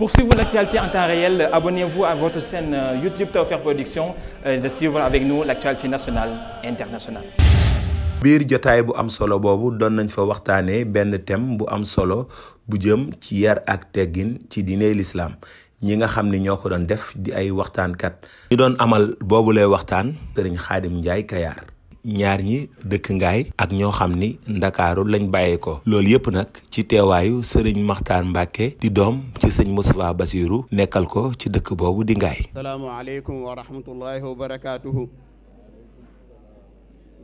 Pour suivre l'actualité en temps réel, abonnez-vous à votre chaîne euh, YouTube Tawfekh Production et euh, de suivre avec nous l'actualité nationale internationale. biir jotaay bu am solo boobu doon nañ fa waxtaanee benn thème bu am solo bu jëm ci yar ak teggin ci diiney lislaam ñi nga xam ni ñoo ko doon def di ay waxtaankat. ñu doon amal boobu lay waxtaan sëriñ Xaadim Njaay Kayaar. ñaar ñi dëkk ngaay ak ñoo xam ni ndakaaru lañ bàyyee ko loolu yëpp nag ci teewaayu sëriñ maxtaar mbàkke di doom ci sëñ Moustapha basiiru nekkal ko ci dëkk boobu di ngaay salaamaaleykum wa rahmatullahi wa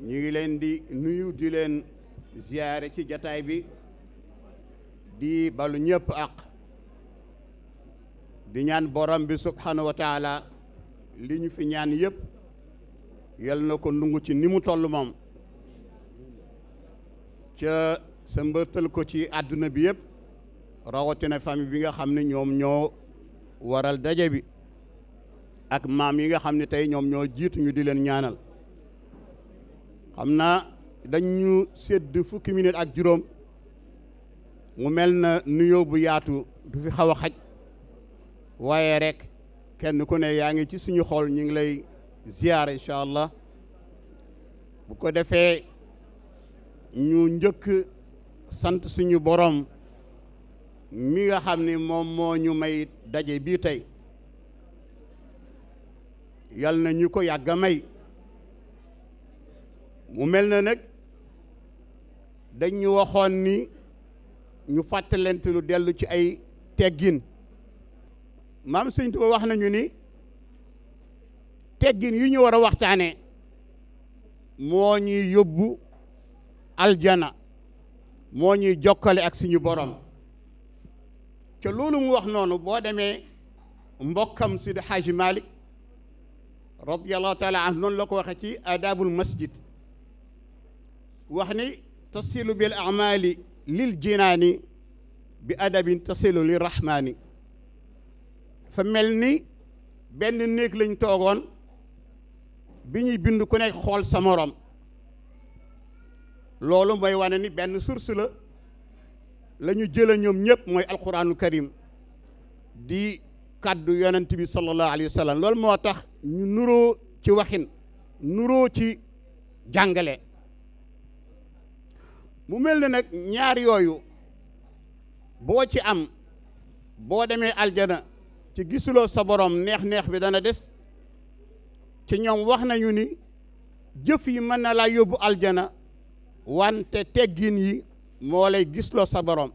ñu ngi leen di nuyu di leen ziyaare ci jataay bi di balu ñëpp ak di ñaan borom bi subhanahu li ñu fi ñaan yëpp yal na ko ndungu ci ni mu toll moom ca sa mbërtal ko ci àdduna bi yëpp rawatina famille bi nga xam ne ñoom ñoo waral daje bi ak maam yi nga xam ne tey ñoom ñoo jiituñu di leen ñaanal xam naa dañu sédd fukki minute ak juróom mu mel na nuyoo bu yaatu du fi xaw a xaj waaye rek kenn ku ne yaa ngi ci suñu xool ñu ngi lay ziyaar incha allah bu ko defee ñu njëkk sant suñu boroom mi nga xam ne moom moo ñu may daje bii tey yal na ñu ko yàgg a may mu mel na nag dañ ñu waxoon ni ñu fàttalente lu dellu ci ay teggin maam sëñ Tuba wax nañu ni teggin yu ñu war a waxtaanee moo ñuy yóbbu aljana moo ñuy jokkale ak suñu borom te loolu wax noonu boo demee mbokkam Sidi Xaaji Malik radiallahu taala anhu noonu la ko waxee ci adabul masjid wax ni tasilu bil amali lil jinaani bi adabin tasilu lil rahmaani fa mel ni benn néeg lañ toogoon bi ñuy bind ku nekk xool sa morom loolu mooy wane ni benn source la la ñu jëlee ñoom ñëpp mooy alquraanu karim di kàddu yonent bi sallallahu alayhi wa sallam loolu moo tax ñu nuroo ci waxin nuroo ci jàngale mu mel ne nag ñaar yooyu boo ci am boo demee aljana ci gisuloo sa borom neex neex bi dana des ci ñoom wax nañu ni jëf yi mën na laa yóbbu aljana wante teggin yi moo lay gisloo sa borom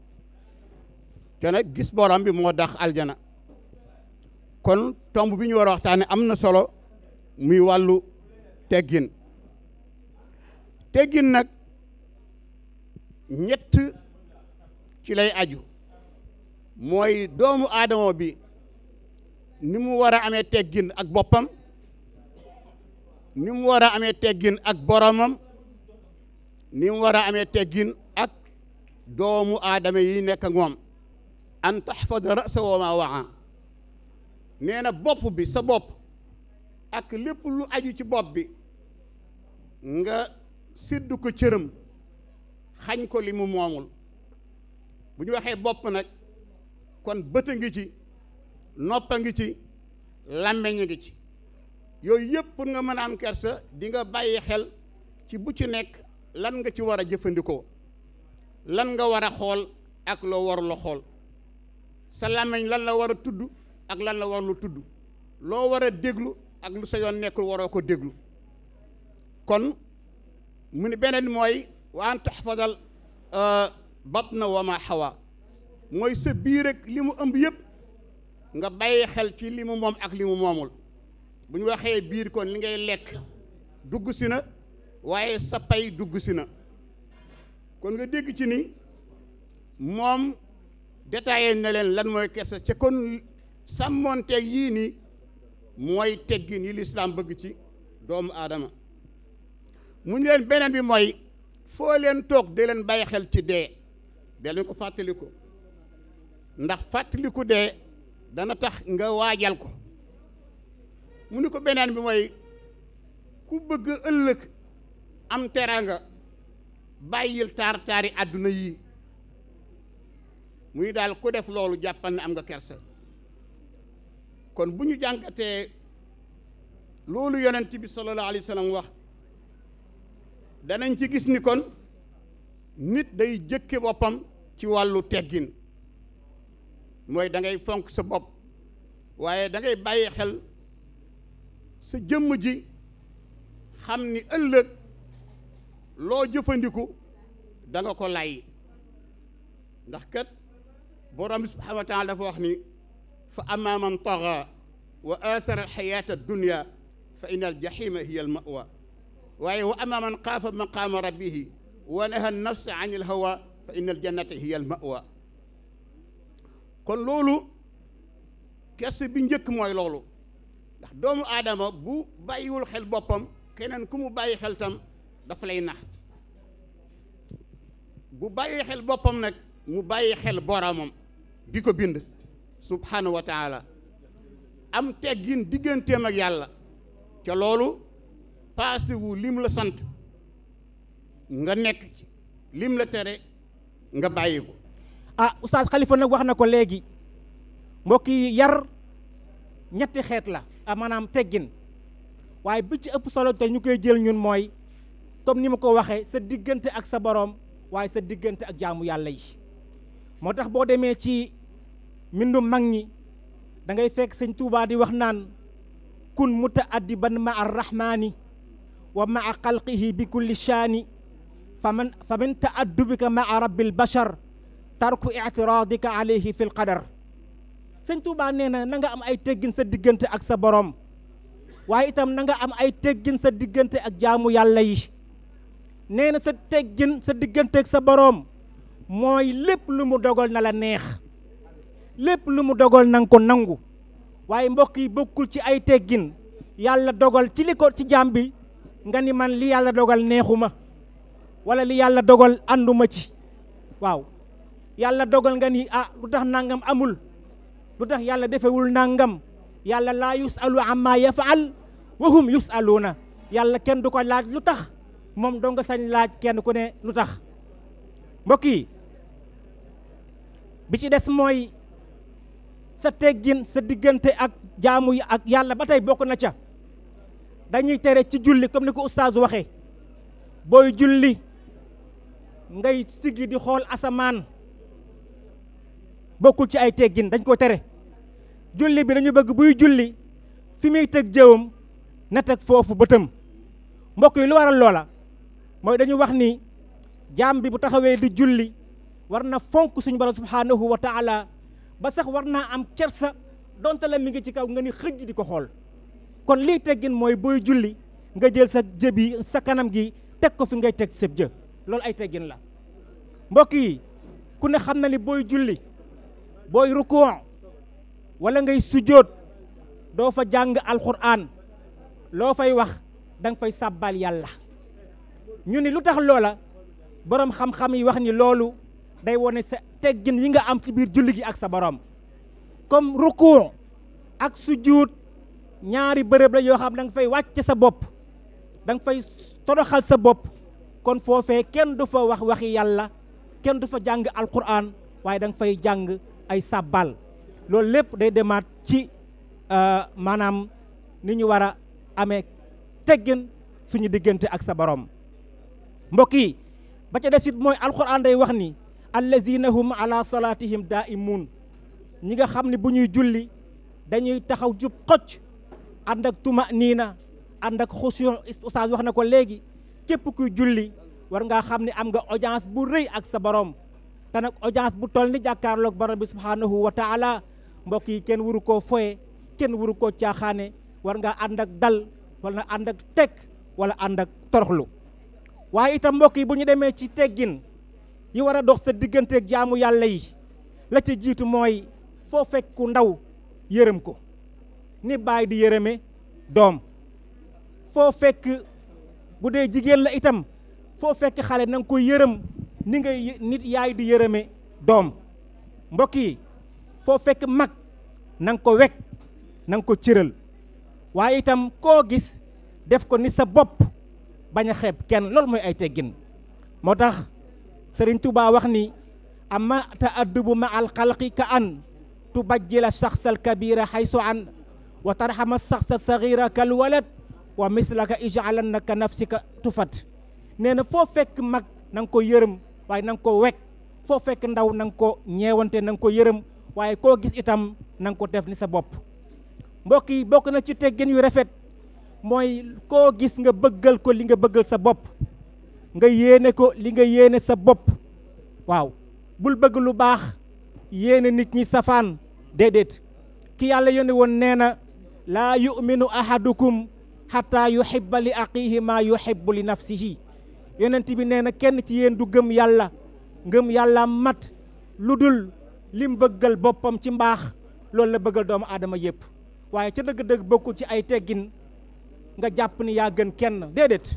te nag gis borom bi moo dax aljana kon tomb bi ñu war a waxtaane am na solo muy wàllu teggin teggin nag ñett ci lay aju mooy doomu aadama bi ni mu war a amee teggin ak boppam ni mu war a amee teggin ak boromam ni mu war a amee teggin ak doomu aadama yi nekk ak moom an tahfada rasa wa ma waa nee na bopp bi sa bopp ak lépp lu aju ci bopp bi nga siddu ko cëram xañ ko li mu moomul bu ñu waxee bopp nag kon bët a ngi ci nopp a ngi ci làmmeñ a ngi ci yooyu yëpp pour nga mën a am kersa di nga bàyyi xel ci bu ci nekk lan nga ci war a jëfandikoo lan nga war a xool ak loo warul a xool sa làmmiñ lan la war a tudd ak lan la warul tudd loo war a déglu ak lu sa yoon nekkul waroo ko déglu kon mu ne beneen mooy wa an taxfadal euh, na wa ma xawa mooy sa biir ak li mu ëmb yëpp nga bàyyi xel ci li mu moom ak li mu moomul bu ñu waxee biir kon li ngay lekk dugg si na waaye sa pay dugg si na kon nga dégg ci ni moom détaillé na leen lan mooy kersa ca kon sàmmoonteeg yii nii mooy teggi yi lislaam bëgg ci doomu aadama mu ñu leen beneen bi mooy foo leen toog di leen bàyyi xel ci dee de leen ko fàttaliku ndax fàttaliku dee dana tax nga waajal ko mu ne ko beneen bi mooy ku bëgg ëllëg am teraanga bàyyil taar taari àdduna yi muy daal ku def loolu jàppal ne am nga kerse kon bu ñu jàngatee loolu yonent bi sallallahu alayhi wa wax danañ ci gis ni kon nit day jëkke boppam ci wàllu teggin mooy dangay ngay fonk sa bopp waaye da ngay xel sa jëmm ji xam ni ëllëg loo jëfandiku danga ko lay ndax kat borom bi subhanahu wa taala dafa wax ni fa amma man taxa wa aasara alxayaata addunia fa in aljahima hiya almawa waaye wa amma man xaafa maqaama rabbihi wa naha nafsa an alhawa fa in aljannata hiya almawa kon loolu kese bi njëkk mooy loolu ndax doomu aadama bu bàyyiwul xel boppam keneen ku mu bàyyi xel tam dafa lay nax bu bàyyi xel boppam nag mu bàyyi xel boromam bi ko bind subhanahu wa taala am teggin digganteem ak yàlla ca loolu paase lim la sant nga nekk ci lim la tere nga bàyyi ko. ah oustaz Khalifa nag wax na ko léegi mbokk yi yar ñetti xeet la maanaam teggin waaye bi ci ëpp solo te ñu koy jël ñun mooy comme ni ma ko waxee sa diggante ak sa boroom waaye sa diggante ak jaamu yàlla yi moo tax boo demee ci mbindum mag ñi dangay ngay fekk sëñ Tuubaa di wax naan kun muta addi ban ma ar rahmaani wa ma a xalqihi bi kulli shaani fa man fa min ta addubika ma a rabbil bashar tarku ictiradika alayhi fi l qadar sëñ Touba nee na na nga am ay teggin sa diggante ak sa borom waaye itam na nga am ay teggin sa diggante ak jaamu yàlla yi nee na sa teggin sa diggante ak sa boroom mooy lépp lu mu dogal na la neex lépp lu mu dogal na ko nangu waaye mbokk yi bokkul ci ay teggin yàlla dogal ci li ko ci jaam bi nga ni man li yàlla dogal neexu ma wala li yàlla dogal ànduma ci waaw yàlla dogal nga ni ah lu tax nangam amul lu tax yàlla defewul nangam yàlla laa yusalu amma yafaal wa hum na yàlla kenn du ko laaj lu tax moom dong sañ laaj kenn ku ne lu tax mbokk yi bi ci des mooy sa teggin sa diggante ak jaamu ak yàlla ba tey bokk na ca dañuy tere ci julli comme ni ko oustaz waxee booy julli ngay siggi di xool asamaan bokkul ci ay teggin dañ ko tere julli bi dañu bëgg buy julli fi muy teg jëwam na teg foofu bëtam mbokk yi lu waral loola mooy dañu wax ni jaam bi bu taxawee di julli war na fonk suñu borom subhaanahu wa taala ba sax war naa am kersa donte la mi ngi ci kaw nga ni xëj di ko xool kon lii teggin mooy booy julli nga jël sa jë sa kanam gi teg ko fi ngay teg sëb jë loolu ay teggin la mbokk yi ku ne xam na ni booy julli booy rukoo wala ngay sujjoot doo fa jàng alxuraan loo fay wax danga fay sàbbal yàlla ñu ni lu tax loola boroom xam-xam yi wax ni loolu day wone sa teggin yi nga am ci biir julli gi ak sa borom comme ruku ak sujjuut ñaari bërëb la yoo xam da nga fay wàcc sa bopp da nga fay toroxal sa bopp kon foofee kenn du fa wax waxi yàlla kenn du fa jàng alquran waaye da fay jàng ay sàbbal loolu lépp day demaat ci euh, maanaam ni ñu war a amee teggin suñu diggante ak sa borom mbokk yi ba ca des it mooy alxuraan day wax ni allazina hum ala salaatihim daimun ñi nga xam ne bu ñuy julli dañuy taxaw jub xocc ànd ak tuma niina ànd ak xusu ustaas wax na ko léegi képp kuy julli war ngaa xam ni am nga audience bu rëy ak sa borom te nag bu toll ni jàkkaarloog ba bi subhaanahu wa taala mbokk yi kenn waru koo foye kenn waru koo caaxaane war nga ànd ak dal wala ànd ak teg wala ànd ak toroxlu waaye itam mbokk yi bu ñu demee ci teggin yi war a dox sa diggante ak jaamu yàlla yi la ca jiitu mooy foo fekk ndaw yërëm ko ni baay di yërëme doom foo fekk bu dee jigéen la itam foo fekk xale na nga koy yërëm ni ngay nit yaay di yërëme doom mbokk yi foo fekk mag na ko wekk na ko cëral waaye itam koo gis def ko ni sa bopp bañ a xeeb kenn loolu mooy ay teggin moo tax Sëriñ Tuubaa wax ni amma ta addubu ma al xalqi ka an tubajjila saxsal kabira xaysu an wa tarxama saxsa saxira kal walad wa mislaka ijaalannaka nafsika tufat nee na foo fekk mag na ko yërëm waaye na ko wekk foo fekk ndaw na nga ko ñeewante na nga ko yërëm waaye koo gis itam na nga ko def ni sa bopp mbokk yi bokk na ci teggin yu rafet mooy koo gis nga bëggal ko li nga bëggal sa bopp nga yéene ko li nga yéene sa bopp waaw bul bëgg lu baax yéene nit ñi safaan déedéet ki yàlla yónni woon nee na laa yuminu ahadukum xataa yuhibba li aqihi maa yuhibbu li nafsihi yonent bi nee na kenn ci yéen du gëm yàlla ngëm yàlla mat lu dul lim bëggal boppam ci mbaax loolu la bëggal doomu aadama yépp waaye ca dëgg-dëgg bokkul ci ay teggin nga jàpp ni yaa gën kenn déedéet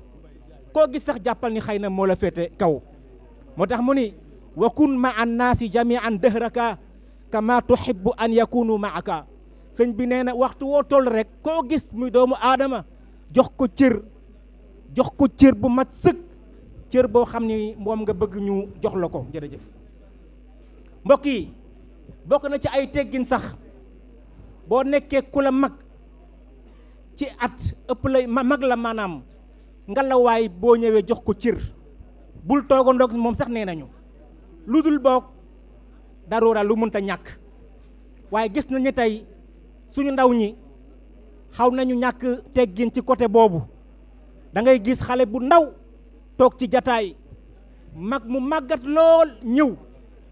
koo gis sax jàppal ni xëy na moo la féete kaw moo tax mu ni wa kun ma an naasi jamian dëhraka kama tuhibbu an yakunu maaka sëñ bi nee na waxtu woo toll rek koo gis muy doomu aadama jox ko cër jox ko cër bu mat sëk cër boo xam ni moom nga bëgg ñu jox la ko jërëjëf mbokk bokk na ci ay teggin sax boo nekkee ku la mag ci at ëpp la mag la maanaam ngalawaay boo ñëwee jox ko cir bul toogandoog moom sax nee nañu lu dul boog daruura lu mënta ñàkk waaye gis nañu tey suñu ndaw ñi xaw nañu ñàkk teggin ci côté boobu dangay gis xale bu ndaw toog ci jataay mag mu màggat lool ñëw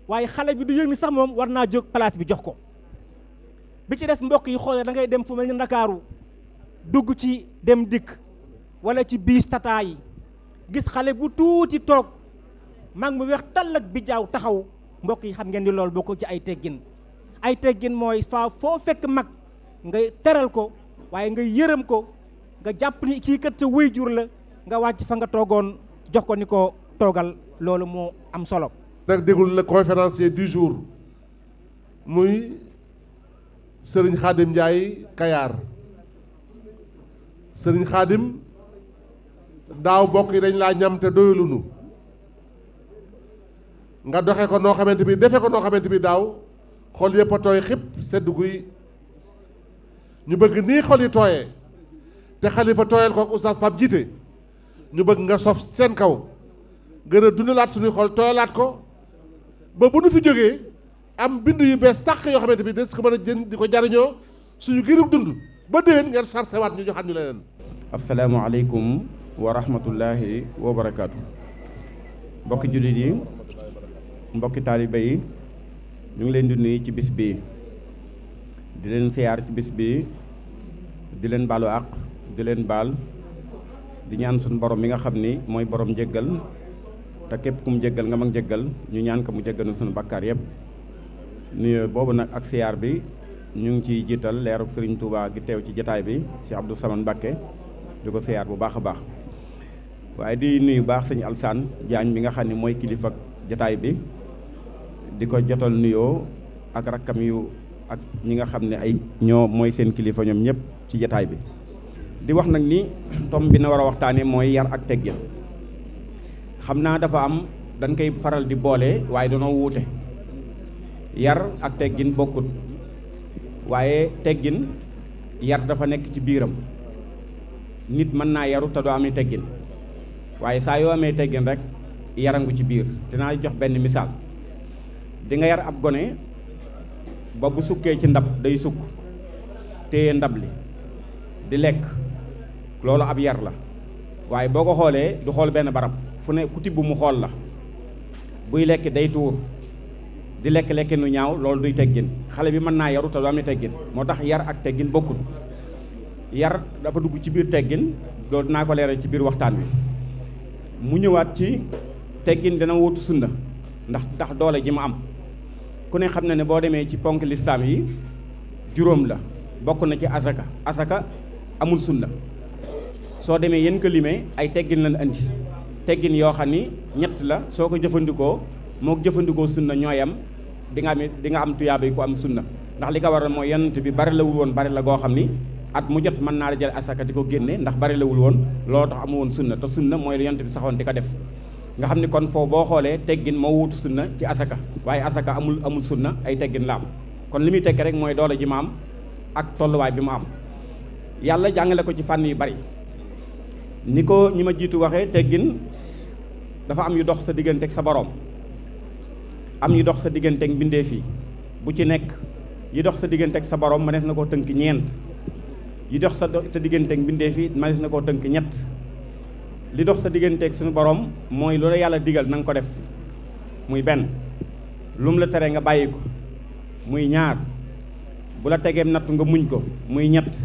waaye xale bi du yëg ni sax moom war naa jóg place bi jox ko bi ci des mbokk yi xoolee da dem fu mel ndakaaru dugg ci dem dikk wala ci biis tataa yi gis xale bu tuuti toog mag mu weex tàll ak bijaaw taxaw mbokk yi xam ngeen ni loolu ko ci ay teggin ay teggin mooy faa foo fekk mag nga teral ko waaye nga yërëm ko nga jàpp ni kii kat sa jur la nga wàcc fa nga toogoon jox ko ni ko toogal loolu moo am solo nag déglu na conférencier du jour muy sëriñ Khadim Ndiaye kayaar sëriñ Khadim daaw bokk yi dañ laa ñam te doyulunu nga doxe ko noo xamante bi defe ko noo xamante bi daaw xol yëpp a tooy xib sedd guy ñu bëgg nii xol yi tooyee te xalifa tooyal ko ak oustaz jiite ñu bëgg nga sof seen kaw gën a dundalaat suñuy xol tooyalaat ko ba bu nu fi jógee am bind yu bees tàq yoo xamante bi des ko mën a jën di ko jariñoo suñu gërëm dund ba déwén ngeen sarse waat ñu joxaat ñu leneen. asalaamaaleykum wa rahmatullahi wa barakaatu. mbokki jullit yi mbokki taaliba yi ñu ngi leen di nuyu ci bis bi di leen siyaar ci bis bi di leen baalu àq di leen baal di ñaan suñu borom mi nga xam ni mooy borom njéggal te képp ku mu jéggal nga mag jéggal ñu ñaan ko mu jéggal suñu bakkaar yëpp nuyoo boobu nag ak siyaar bi ñu ngi ciy jiital leeruk sëriñ Touba gi teew ci jataay bi si Abdou Samane Mbacké di ko siyaar bu baax a baax waaye di nuyu baax sañ Alsaan Jaañ bi nga xam ni mooy kilifa jataay bi di ko jotal nuyoo ak rakkam yu ak ñi nga xam ne ay ñoo mooy seen kilifa ñoom ñëpp ci jataay bi di wax nag ni tom bi na war a waxtaane mooy yar ak teggin xam naa dafa am dañ koy faral di boole waaye danoo wuute yar ak teggin bokkut waaye teggin yar dafa nekk ci biiram nit mën naa yaru te doo amee teggin waaye saa yoo amee teggin rek yarangu ci biir dinaa jox benn misaal di nga yar ab gone ba bu sukkee ci ndab day sukk téye ndab li di lekk loolu ab yar la waaye boo ko xoolee du xool benn barab fu ne ku tibb mu xool la buy lekk day tuur di lekk-lekk nu ñaaw loolu duy teggin xale bi mën naa yaru te du am ne teggin moo tax yar ak teggin bokkut yar dafa dugg ci biir teggin loolu dinaa ko leeral ci biir waxtaan wi mu ñëwaat ci teggin dana wutu sunna ndax tax doole ji ma am ku ne xam na ne boo demee ci ponk lislaam yi juróom la bokk na ci asaka asaka amul sunna soo demee yéen ko limee ay teggin lañ andi teggin yoo xam ni ñett la soo ko jëfandikoo moo jëfandikoo sunna ñooyam di nga am di nga am tuyaaba yi ku am na ndax li ko waral mooy yonent bi bari la wul woon bari la goo xam ni at mu jot mën naa la jël asaka di ko génne ndax bari la wul woon loolu tax amu woon sunna te na mooy lu bi saxoon di ko def nga xam ni kon foo boo xoolee teggin moo wuutu na ci asaka waaye asaka amul amul na ay teggin la am kon li muy tekki rek mooy doole ji ma ak tolluwaay bi mu yàlla jàngale ko ci fànn yu bari ni ko ñi ma jiitu waxee teggin dafa am yu dox sa diggante sa boroom am yu dox sa diggante ak mbindeef bu ci nekk yi dox sa diggante ak sa boroom mënees na koo tënk ñeent yu dox sa digganteek diggante ak mbindeef na koo tënk ñett li dox sa diggante ak suñu boroom mooy loola yàlla digal na nga ko def muy benn lu mu la tere nga bàyyi ko muy ñaar bu la tegeem natt nga muñ ko muy ñett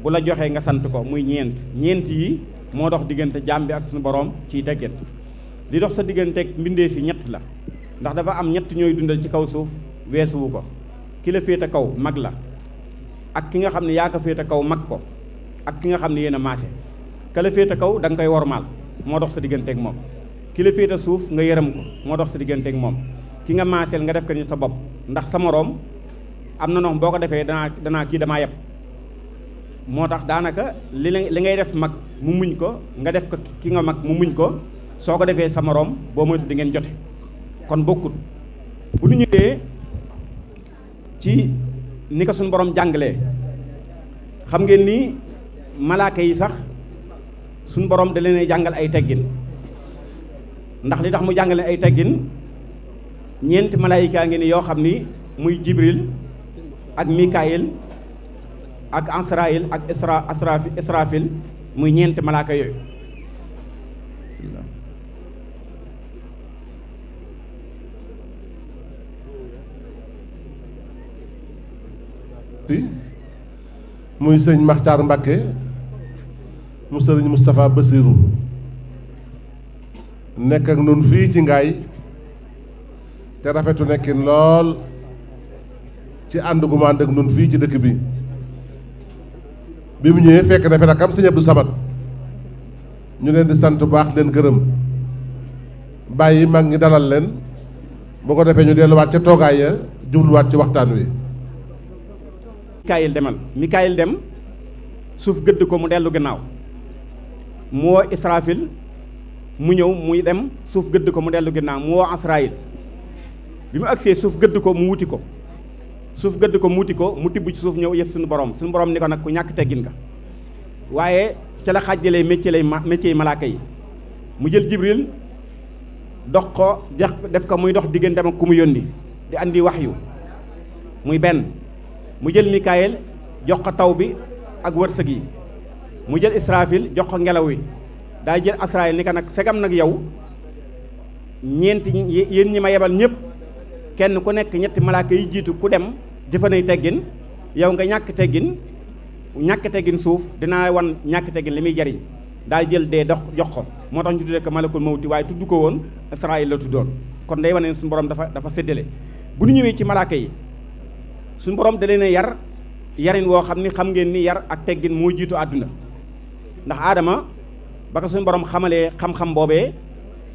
bu la joxee nga sant ko muy ñeent ñeent yi moo dox diggante jaam bi ak suñu borom ciy teggin li dox sa digganteeg mbindeef yi ñett la ndax dafa am ñett ñooy dundal ci kaw suuf weesuwu ko ki la féete kaw mag la ak ki nga xam ne yaa ko féete kaw mag ko ak ki nga xam ne yéen a maase ka la kaw da nga koy wormaal moo dox sa digganteeg moom ki la suuf nga yërëm ko moo dox sa digganteeg moom ki nga maaseel nga def ko ni sa bopp ndax sa moroom am na noonu boo ko defee danaa danaa kii damaa yeb moo tax daanaka li li ngay def mag mu muñ ko nga def ko ki nga mag mu muñ ko soo ko defee sa moroom boo moytu di ngeen jote kon bokkut bu ñu ñëwee ci ni ko suñu boroom jàngalee xam ngeen ni malaaka yi sax suñu borom da leen jàngal ay teggin ndax li tax mu jàngale ay teggin ñeenti malaayika ngi ni yoo xam ni muy Jibril ak Mikaayil ak Ansraayil ak Isra Asrafi muy ñeenti malaaka yooyu muy sëñ Maxtaar Mbàkke mu sëriñ mustafaa Bassirou nekk ak noonu fii ci ngaay te rafetu nekkin lool ci ànd gu ma fii ci dëkk bi bi mu ñëwee fekk na fi rakam sëñ Abdou Samad ñu leen di sant baax leen gërëm bàyyi mag ñi dalal leen bu ko defee ñu delluwaat ca toogaay ya jubluwaat ci waxtaan wi. Mikaayil demal Mikaayil dem suuf gëdd ko mu dellu ginnaaw mu woo Israafil mu ñëw muy dem suuf gëdd ko mu dellu ginnaaw mu woo Asraayil bi mu agsee suuf gëdd ko mu wuti ko. suuf gëdd ko muuti ko mu tibb ci suuf ñëw yëf suñu borom suñu borom ni ko nag ku ñàkk teggin nga waaye ca la xàjjalee métier lay métier yi malaaka yi mu jël jibril dox ko jax def ko muy dox diggante ak ku mu yónni di andi wax yu muy benn mu jël mikaayel jox ko taw bi ak wërsëg yi mu jël israfil jox ko ngelaw wi daa jël asraayil ni ko nag segam nag yow ñeenti yéen ñi ma yebal ñëpp kenn ku nekk ñetti malaaka yi jiitu ku dem jëfanay teggin yow nga ñàkk teggin ñàkk teggin suuf dinaa wan ñàkk teggin li muy jariñ daa jël dee dox jox ko moo tax ñu tuddee ko malakul mawti waaye tudd ko woon Israayil la tuddoon kon day wane ne suñu borom dafa dafa séddale bu ñu ñëwee ci malaaka yi suñu borom da leen yar yarin woo xam ni xam ngeen ni yar ak teggin moo jiitu àdduna ndax aadama ba ko suñu borom xamalee xam-xam boobee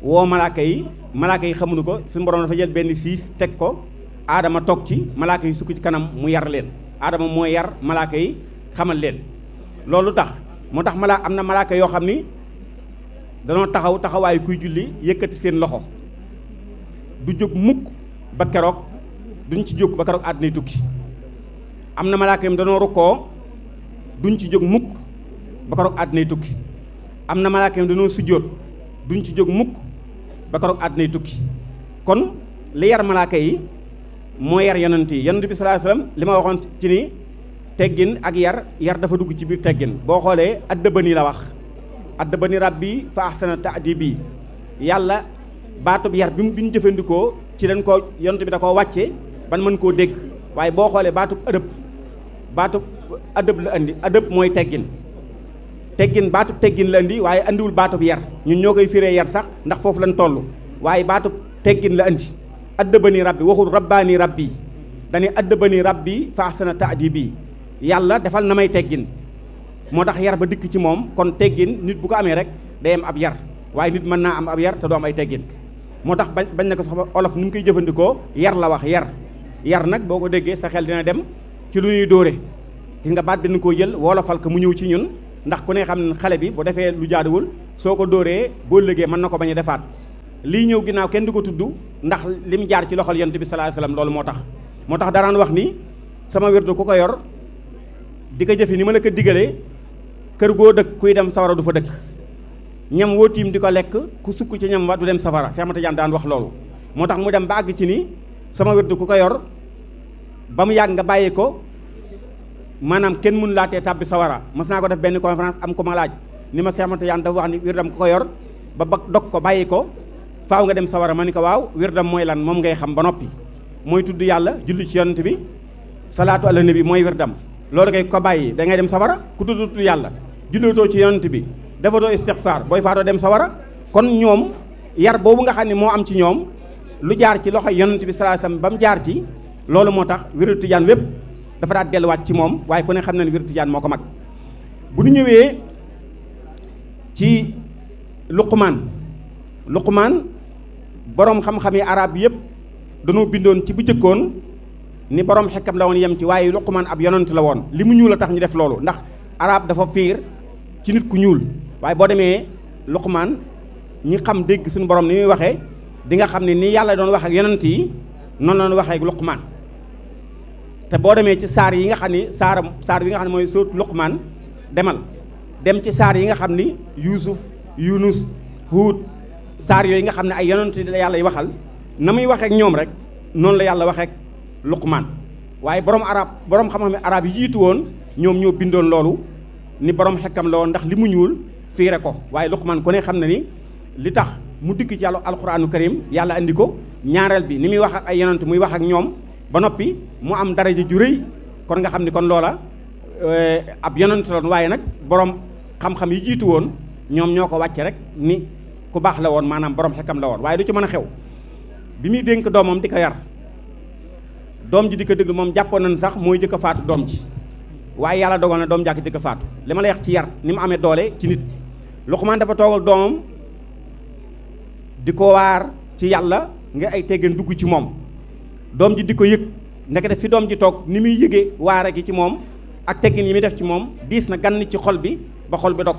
woo malaaka yi malaaka yi xamuñu ko suñu borom dafa jël benn siis teg ko aadama toog ci malaaka yi sukk ci kanam mu yar leen aadama moo yar malaaka yi xamal leen loolu tax moo tax mala am na malaaka yoo xam ni danoo taxaw taxawaayu kuy julli yëkkati seen loxo du jóg mukk ba keroog duñ ci jóg ba keroog àddina tukki am na malaaka yi danoo rukkoo duñ ci jóg mukk ba keroog àddina tukki am na malaaka yi danoo sujjóot duñ ci jóg mukk ba keroog àddinay tukki kon li yar malaaka yi moo yar yonent yi bi sallallahu li ma waxoon ci ni teggin ak yar yar dafa dugg ci biir teggin boo xoolee addabani la wax addabani rabbi fa ahsana ta'dibi yàlla baatub yar bi mu bi ñu jëfandikoo ci dañ ko yonent bi da ko wàcce ban mën koo dégg waaye boo xoolee baatub adab baatub adab la andi adab mooy teggin teggin baatub teggin la andi waaye andiwul baatub yar ñun ñoo koy firee yar sax ndax foofu lañ toll waaye baatub teggin la andi rab bi waxul rabbaani rabbi dañuy addabani rabbi fa ahsana bii yàlla defal na may teggin moo tax yar ba dikk ci moom kon teggin nit bu ko amee rek day am ab yar waaye nit mën naa am ab yar te doo am ay teggin moo tax bañ bañ na ko sax olof ni mu koy jëfandikoo yar la wax yar yar nag boo ko déggee sa xel dem ci lu ñuy dóore nga baat bi nu jël wolofal ko mu ñëw ci ñun ndax ku ne xam ne xale bi bu defee lu jaaduwul soo ko dóoree boo lëgee mën na ko bañ a defaat lii ñëw ginnaaw kenn du ko tudd ndax li mu jaar ci loxol yonent bi sallallahu alayhi wasallam loolu moo tax moo tax daraan wax ni sama wérdu ku ko yor di ko jëfe ni ma la ko kër goo dëkk kuy dem sawara du fa dëkk ñam woo tiim di ko lekk ku sukk ci ñam wa du dem safara Cheikh Ahmad Tidiane daan wax loolu moo tax mu dem ba àgg ci ni sama wérdu ku ko yor ba mu yàgg nga bàyyi ko maanaam kenn mënu laatee tàbbi sawara mos naa ko def benn conférence am ko ma laaj ni ma seexamante yaan dafa wax ni wirdam ko yor ba ba dog ko bàyyi ko faaw nga dem sawara ma ni ko waaw wirdam mooy lan moom ngay xam ba noppi mooy tudd yàlla julli ci yonent bi salaatu ala nabi mooy wirdam loolu kay ko bàyyi da ngay dem sawara ku tudd tudd yàlla jullootoo ci yonent bi dafa doo istixfaar booy faatoo dem sawara kon ñoom yar boobu nga xam ne moo am ci ñoom lu jaar ci loxo yonent bi sallallahu alayhi wasallam ba mu jaar ci loolu moo tax wiru tijaan wépp dafa daan delluwaat ci moom waaye ku ne xam na ne wirdu tijaan moo ko mag bu ñu ñëwee ci luqumaan luqumaan boroom xam yi arab yëpp dañoo bindoon ci bu jëkkoon ni borom xekkam la woon yem ci waaye luqumaan ab yonent la woon li mu ñuul tax ñu def loolu ndax arab dafa fiir ci nit ku ñuul waaye boo demee luqumaan ñi xam dégg suñu borom ni muy waxee di nga xam ne nii yàlla doon wax ak yonent yi noonu la doon waxee ak luqumaan te boo demee ci saar yi nga xam ni saaram saar bi nga xam ne mooy sóotu luqmaan demal dem ci saar yi nga xam ni yuusuf yunus huut saar yooyu nga xam ne ay yonent la yàlla y waxal na muy waxeek ñoom rek noonu la yàlla waxeek luqmaan waaye borom arab borom xam-xam ne arab yiitu woon ñoom ñoo bindoon loolu ni borom xekkam la woon ndax li mu ñuul fiire ko waaye luqmaan ku ne xam na ni li tax mu dikk ci yàlla alquraanu karim yàlla indi ko ñaareel ni muy wax ak ay yonent muy wax ak ñoom ba noppi mu am daraja ju rëy kon nga xam ni kon loola eh, ab yonent loon waaye nag boroom xam-xam yi jiitu woon ñoom ñoo ko wàcce rek ni ku baax la woon maanaam borom xekkam la woon waaye du ci mën a xew bi muy dénk doomam di ko yar doom ji di ko déglu moom jàppoon nañ sax mooy jëkk a faatu doom ji waaye yàlla dogal na doom jàkk jëkk a faatu li ma la wax ci yar ni mu amee doole ci nit Luqmaan dafa toogal doomam di ko waar ci yàlla nga ay teggan dugg ci moom doom ji di ko yëg ndeke def fi doom ji toog ni muy yëgee waare gi ci moom ak teggin yi muy def ci moom diis na gann ci xol bi ba xol bi dog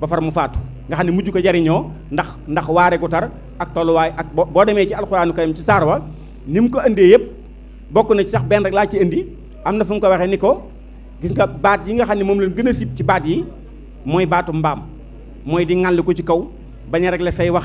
ba far mu faatu nga xam ne mujj ko jariñoo ndax ndax waare gu tar ak tolluwaay ak boo demee ci alxuraanu karim ci saar wa ni mu ko indee yépp bokk na ci sax benn rek laa ci indi am na fu mu ko waxee ni ko gis nga baat yi nga xam ne moom leen gën a sib ci baat yi mooy baatu mbaam mooy di ŋàll ko ci kaw bañ rek la say wax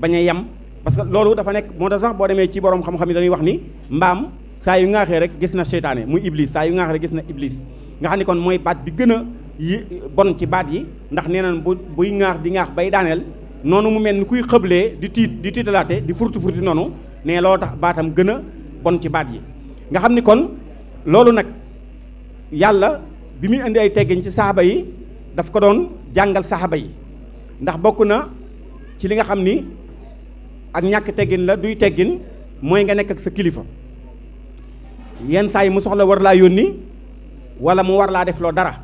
bañ a yem parce que loolu dafa nekk moo tax sax boo demee ci borom xam-xam yi dañuy wax ni mbaam saa yu ngaaxee rek gis na seytaane mu iblis saa yu ngaaxee rek gis na iblis nga xam ni kon mooy baat bi gën a yi bon ci baat yi ndax nee nañ bu buy ngaax di ngaax bay daaneel noonu mu mel ni kuy xëblee di tiit di tiitalaate di furti furti noonu ne loo tax baatam gën a bon ci baat yi nga xam ni kon loolu nag yàlla bi muy indi ay teggin ci saxaba yi daf ko doon jàngal saxaba yi ndax bokk na ci li nga xam ni ak ñàkk teggin la duy teggin mooy nga nekk ak sa kilifa yenn saa yi mu soxla war laa yónni wala mu war laa def loo dara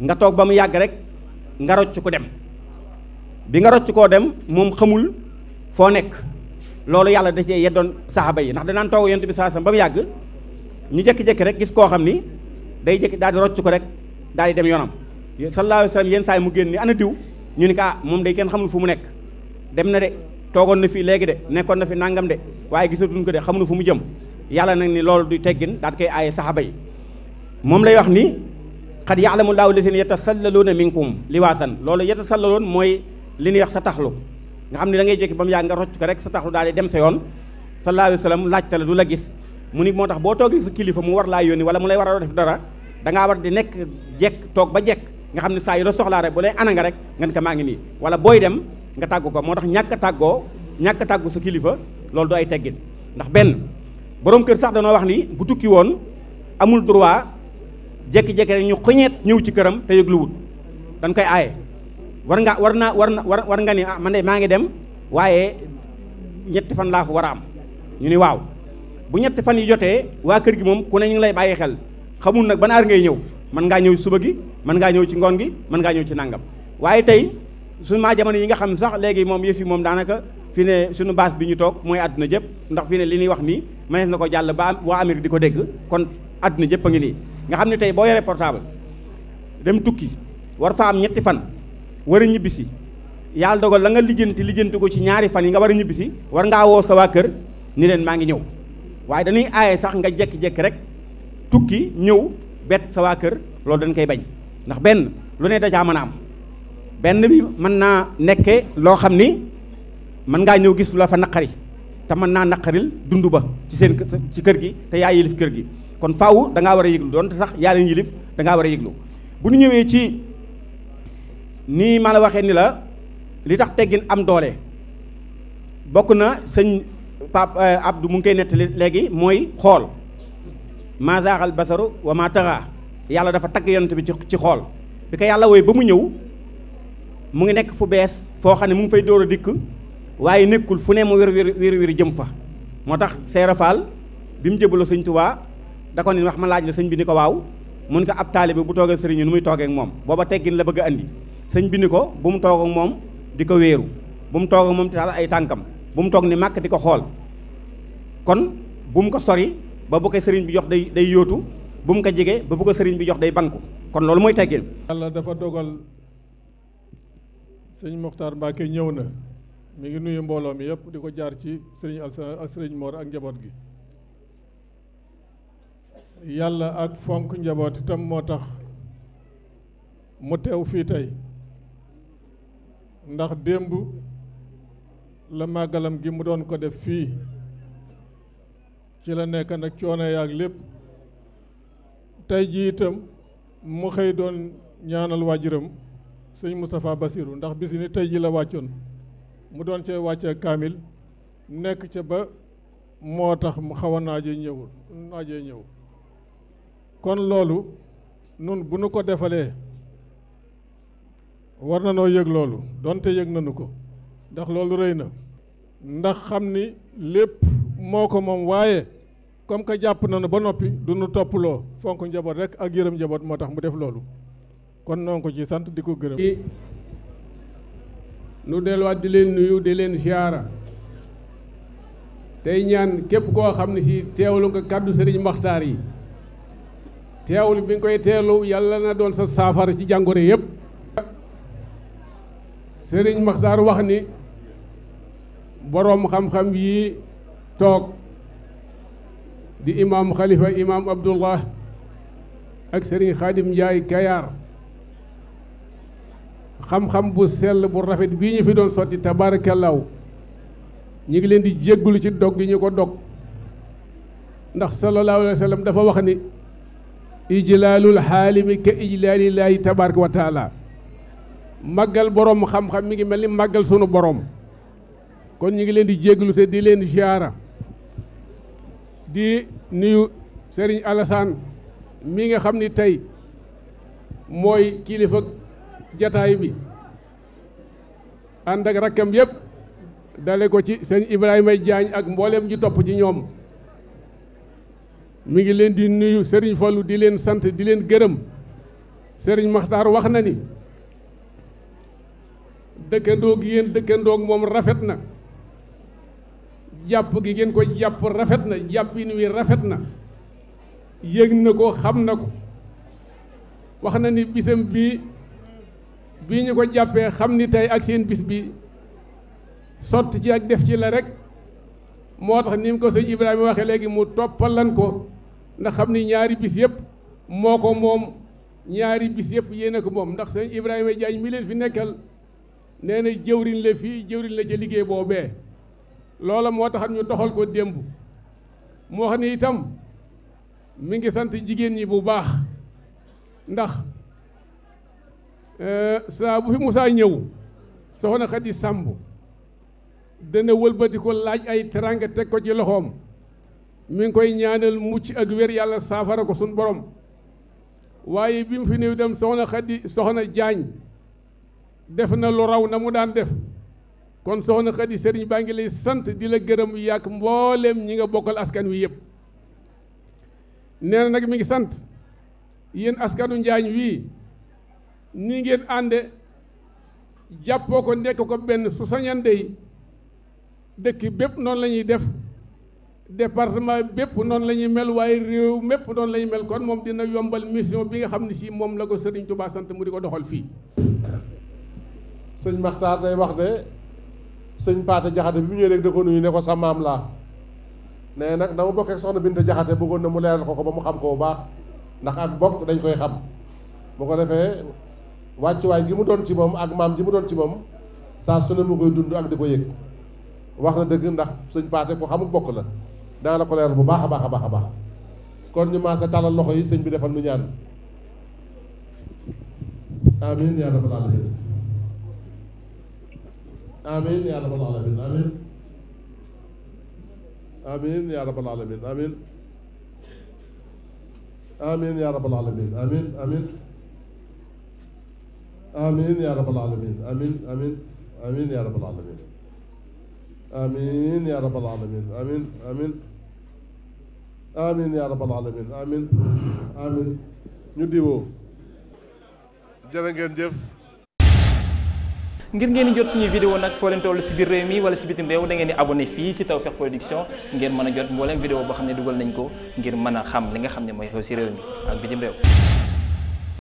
nga toog ba mu yàgg rek nga rocc ko dem bi nga rocc koo dem moom xamul foo nekk loolu yàlla da cee doon saxaaba yi ndax danaan toog yonent bi sallallahu alayhi ba mu yàgg ñu jékki jekki rek gis koo xam ni day jékki daal di rocc ko rek daal di dem yoonam sallallahu alayhi wasallam yenn saa yi mu génn ni ana diw ñu ni ko ah moom day kenn xamul fu mu nekk dem na de toogoon na fi léegi de nekkoon na fi nangam de waaye gisatuñ ko de xamuñu fu mu jëm yàlla nag ni loolu du teggin daal koy aaye saxaba yi moom lay wax ni xad yaalamu laahu lasina yatasallaluuna minkum liwaasan loolu yatasallaloon mooy li ñuy wax sa taxlu nga xam ne dangay ngay jékki ba mu yàgg nga rocc ko rek sa taxlu daal di dem sa yoon sa alayhi wa sallam laajte la du la gis mu ni moo tax boo toogee sa kilifa mu war laa yónni wala mu lay war a def dara dangaa war di jekk toog ba jekk nga xam ne saa yu la soxlaa rek bu lay nga rek ngeen maa ngi nii wala booy dem nga tàggu ko moo tax ñàkk tàggoo ñàkk a tàggu sa kilifa loolu du ay teggin ndax benn boroom kër sax danoo wax ni bu tukki woon amul droit jékki-jékki rek ñu xuñeet ñëw ci këram te yëglu wut dañ koy aaye war nga war naa war na war nga ni ah man de maa ngi dem waaye ñetti fan laa fa war a am ñu ni waaw bu ñetti fan yi jotee waa kër gi moom ku ne ñu ngi lay bàyyi xel xamul nag ban aar ngay ñëw mën ngaa ñëw suba gi mën ngaa ñëw ci ngoon gi mën ngaa ñëw ci nàngam suñu maa jamono yi nga xam sax léegi moom yëf yi moom daanaka fi ne sunu baas bi ñu toog mooy àdduna jëpp ndax fi ne li ñuy wax nii mënees na ko jàll ba waa Amérique di ko dégg kon àdduna jépp a ngi nii nga xam ne tey boo yoree portable dem tukki war fa am ñetti fan war a ñibbisi yàlla dogal la nga lijjanti lijjanti ko ci ñaari fan yi nga war a ñibbisi war ngaa woo sa waa kër ni leen maa ngi ñëw waaye dañuy aaye sax nga jekki-jekki rek tukki ñëw bet sa kër loolu dañ koy bañ ndax benn lu ne dajaa mën am benn bi mën naa nekke loo xam ni mën ngaa ñëw gis la fa naqari te mën naa naqaril dund ba ci seen ci kër gi te yaa yilif kër gi kon faaw dangaa war a yëglu doon sax yaa leen yilif dangaa war a yëglu bu nu ñëwee ci nii ma la waxee ni la li tax teggin am doole bokk na sëñ Pape euh, Abdou mu ngi koy nettali léegi mooy xool maa zaaxal basaru wa maa taxaa yàlla dafa tagg yonent bi ci ci xool bi ko yàlla wooy ba mu ñëw mu ngi nekk fu bees foo xam ne mu ngi fay door a dikk waaye nekkul fu ne mu wér wir wér jëm fa moo tax Seera Faal bi mu jëbaloo sëñ Tuubaa da ko ne wax ma laaj la sëñ bi ni ko waaw mun ko ab taalibe bu toogee sëriñ nu muy toogee ak moom booba teggin la bëgg a andi sëñ bi ni ko bu mu toog moom di ko wéeru bu mu toog ak moom di taal ay tànkam bu mu toog ni màkk di ko xool kon bu mu ko sori ba bu ko sëriñ bi jox day day yóotu bu mu ko jege ba bu ko sëriñ bi jox day banku kon loolu mooy teggin. yàlla dafa sëñ Mokhtar Mbacke ñëw na mi ngi nuyu mbooloo mi yëpp di ko jaar ci sëriñ Alsaan ak sëriñ Mor ak njaboot gi yàlla ak fonk njaboot itam moo tax mu teew fii tey ndax démb la màggalam gi mu doon ko def fii ci la nekk nag coono yaag lépp tey ji itam mu xëy doon ñaanal waajuram sëñ Moustapha Bassirou ndax bisi ni tey ji la wàccoon mu doon cee wàccee kaamil nekk ca ba moo tax mu xaw a naajee ñëwul naajee ñëw kon loolu nun bu nu ko defalee war na noo yëg loolu donte yëg nanu ko ndax loolu rëy na ndax xam ni lépp moo ko moom waaye comme que jàpp nanu ba noppi du nu topploo fonk njaboot rek ak yërëm njaboot moo tax mu def loolu kon noo ngi sant di ko gërëm nu delluwaat di leen nuyu di leen siyaara tey ñaan képp koo xam ne si teewlu nga kàddu sëriñ maxtaar yi teewlu bi koy teelu yàlla na doon sa saafara ci jàngoro yépp sëriñ maxtaar wax ni boroom xam-xam yi toog di imaam xalifa imaam abdullah ak sëriñ xaadim njaay kayaar xam-xam bu sel bu rafet bii ñu fi doon sotti tabaarakallaaw ñu ngi leen di jéggulu ci dog gi ko dog ndax sallallahu alayhi dafa wax ni ijlaalul xaalimi ka ijlaalillaahi tabaaraka wa taala màggal borom xam-xam mi ngi mel ni màggal sunu borom kon ñu ngi leen di jégglu se di leen ziyaara di nuyu Serigne Alassane mi nga xam ni tey mooy kilifa jataay bi ànd ak rakkam yëpp dale ko ci sëñ Ibrahima jaañ ak mbooleem ji topp ci ñoom mi ngi leen di nuyu Serigne Fallou di leen sant di leen gërëm Serigne Makhtar wax na ni dëkkandoog yéen dëkkandoog moom rafet na jàpp gi ngeen ko jàpp rafet na jàppin wi rafet na yëg na ko xam na ko wax na ni bisam bii bii ñu ko jàppee xam ni tey ak seen bis bi sotti ci ak def ci la rek moo tax ni ko ko sëñ Ibrahima waxee léegi mu toppalan ko ndax xam ni ñaari bis yëpp moo ko moom ñaari bis yëpp yéene ko moom ndax sëñ Ibrahima Diagne mi leen fi nekkal nee na jëwriñ la fii jëwriñ la ca liggéey boobee loola moo tax ñu doxal ko démb moo xam ne itam mi ngi sant jigéen ñi bu baax ndax Eh, saa bu fi Moussa ñëw soxna Xadi Sàmb dana wëlbati ko laaj ay teranga teg ko ci loxoom mi ngi koy ñaanal mucc ak wér yàlla saafara ko sun borom waaye bi mu fi néew dem soxna Xadi soxna Jaañ def na lu raw na mu daan def kon soxna Xadi sëriñ baa ngi lay sant di la gërëm yàgg mbooleem ñi nga bokkal askan wi yëpp nee nag mi ngi sant yéen askanu Njaañ wii ni ngeen ànde jàppoo ko nekk ko benn su sañande yi dëkk bépp noonu la ñuy def département bépp noonu la ñuy mel waay réew mépp noonu la mel kon moom na yombal mission bi nga xam ne si moom la ko Serigne Touba sant mu di ko doxal fii. sëñ Maxtaar day wax de sëñ Paate Jaxate bi mu ñëwee rek da ko nuyu ne ko sa maam laa nee nag dama bokk ak soxna Binta Jaxate bëggoon na mu leeral ko ko ba mu xam ko bu baax ndax ak bokk dañ koy xam bu ko defee. wàccuwaay gi mu doon ci moom ak maam ji mu doon ci moom saa su ne mu koy dund ak di ko yëg wax na dëgg ndax sëñ Paate ko xamul bokk la dana la ko bu baax a baax a baax a baax kon ñu maase tàllal loxo yi sëñ bi defal nu ñaan amin yaa rabbal alamin amin yaa rabbal alamin amin amin amiin yaa rabbal aalamiin amiin amiin amiin yaa rabbal aalamiin amiin yaa rabbal aalamiin amiin amiin amiin yaa rabbal ñu diwoo jërë ngeen jëf ngir ngeen jot suñuy vidéo nag foo leen toll si biir réew mi wala si bitim réew da ngeen di abonné fii si Tawfekh Production ngeen mën a jot mbooleem vidéo boo xam ne dugal nañ ko ngir mën a xam li nga xam ne mooy xew si réew mi ak bitim réew